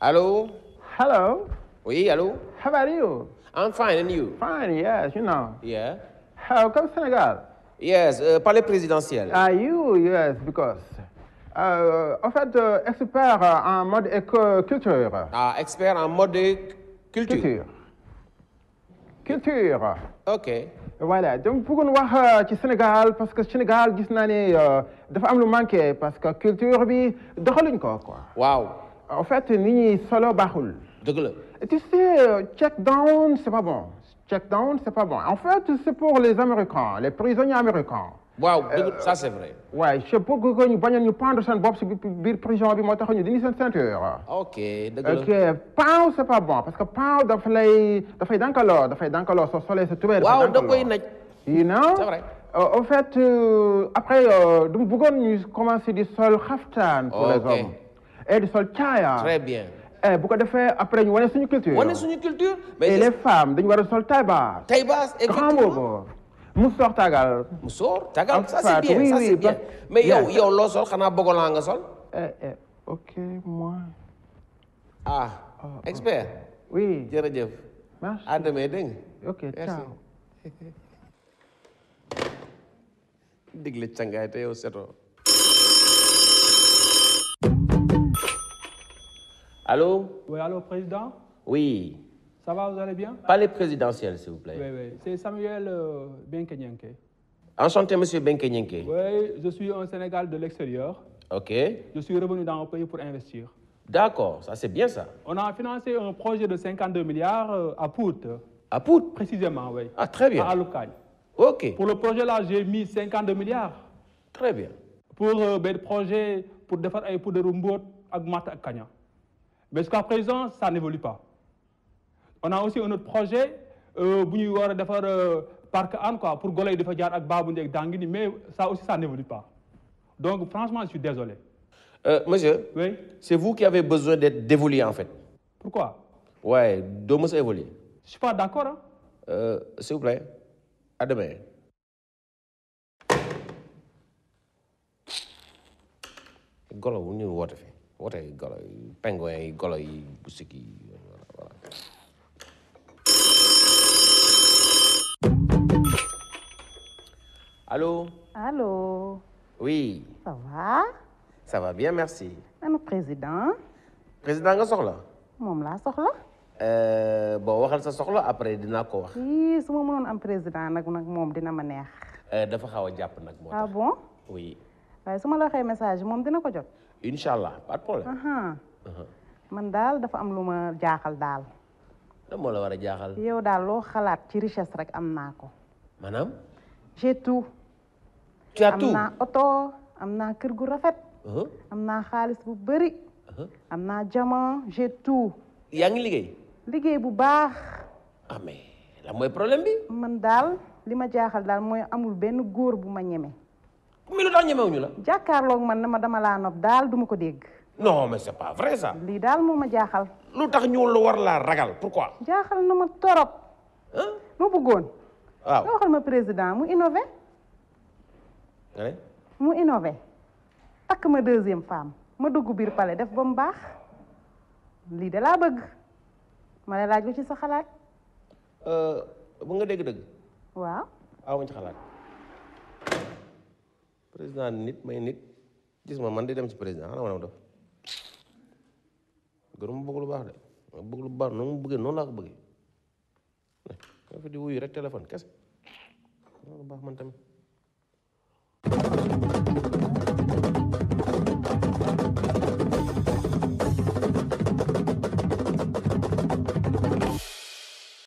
Allô? Hello. Oui, allô? How are you? I'm fine, and you? Fine, yes, you know. Yeah. How come Senegal Yes, uh, palais présidentiel. Are ah, you? Yes, because. Uh, en fait, euh, expert en mode culture. Ah, expert en mode culture. Culture. Culture. OK. voilà donc nous voir euh, ci Sénégal parce que Sénégal il y a dafa am qui parce que culture bi de ko quoi. Wow en fait ni ñi solo bahul. tu sais euh, check down c'est pas bon check down c'est pas bon en fait c'est pour les américains les prisonniers américains. Waouh, ça c'est vrai. Ouais, je peux que nous nous ñu pendre seen bob, c'est biir prison bi moo nous ñu dindi seen ceinture. ok d'accord. Ok, ok paaw c'est pas bon parce que paaw il faut dafay dankaloo il faut soo soleil, c'est tout, waaw da koy naj. you know c'est vrai. en euh, fait euh, après du mu commencer du sol khaftan pour les hommes et sol très bien. beaucoup eh, de après culture. Une suñu culture. mais les femmes nous sol Taïba. Taïba, effectivement. tagal. tagal ça c'est bien ça c'est bien mais sol. Eh, eh, ok moi. ah oh, expert. oui merci ok ciao. Allô Oui, allô, président Oui. Ça va, vous allez bien Palais présidentiel, s'il vous plaît. Oui, oui. C'est Samuel euh, Enchanté, monsieur Benkenyenke. Oui, je suis un Sénégal de l'extérieur. OK. Je suis revenu dans mon pays pour investir. D'accord, ça c'est bien ça. On a financé un projet de 52 milliards euh, à Pout. À Pout Précisément, oui. Ah, très bien. À local. OK. Pour le projet là, j'ai mis 52 milliards. Très bien. Pour le euh, projet, pour défendre pour de et Kanya mais jusqu'à présent ça n'évolue pas on a aussi un autre projet pour euh, ñuy un euh, parc quoi pour Golay yi dafa ak mais ça aussi ça n'évolue pas donc franchement je suis désolé. Euh, monsieur. oui c'est vous qui avez besoin d'être dévolu en fait. pourquoi. Oui, de me Je évoluer. je suis pas d'accord hein. s'il vous plaît à demain. Orei goloi, pengoei goloi busiki. Allô Allô Oui. Ça va Ça va bien, merci. Ana président Président nga soxla moom sok soxla Eh, waxal kan sa soxla après dinaa ko wax i su ma mënoon am président nag nag moom dina ma neex eh, dafa xaw a jàpp nag moo ah tax ah bon oui waaye eh, su ma la waxee message moom dina ko jot insya allah pas problème. man dal dafa am menjahal jaxal dal. Da mo la wara jaxal. yow dal lo xalat ci richesse rek am nako. Manam? j'ai tout. tu as tout Amna auto, oto keur gu rafet. -huh. Amna khalis bu Uh -huh. Amna jamono j'ai tout. Ya ngi liggey? Liggey bu baax. ah La moy problème bi. man dal lima jaxal dal moy amul benugur góor bu ma mi lu tax ñemewuñu la. jàkkaarloog man na ma dama laa nopp daal duma ko dégg. non mais c'est pas vrai ça. lii daal moo ma jaaxal. lu tax ñuul lu war laa ragal pourquoi. jaaxal na ma torop. ma bëggoon. waaw nga ma président mu innové. mu innové. takk ma deuxième femme ma dugg biir palais def ba mu baax lii de laa bëgg ma la laaj lu ci sa xalaat. Euh, bu nga dégg dëgg. waaw. président nit may nit gis ma man di dem si président xanaa ma ne ma def gënu ma bëgg lu baax de ma bëgg lu baax noonu mu bëggee noonu laa ko bëggee nga fi di wuyu rek téléphone kese lu baax man tamit.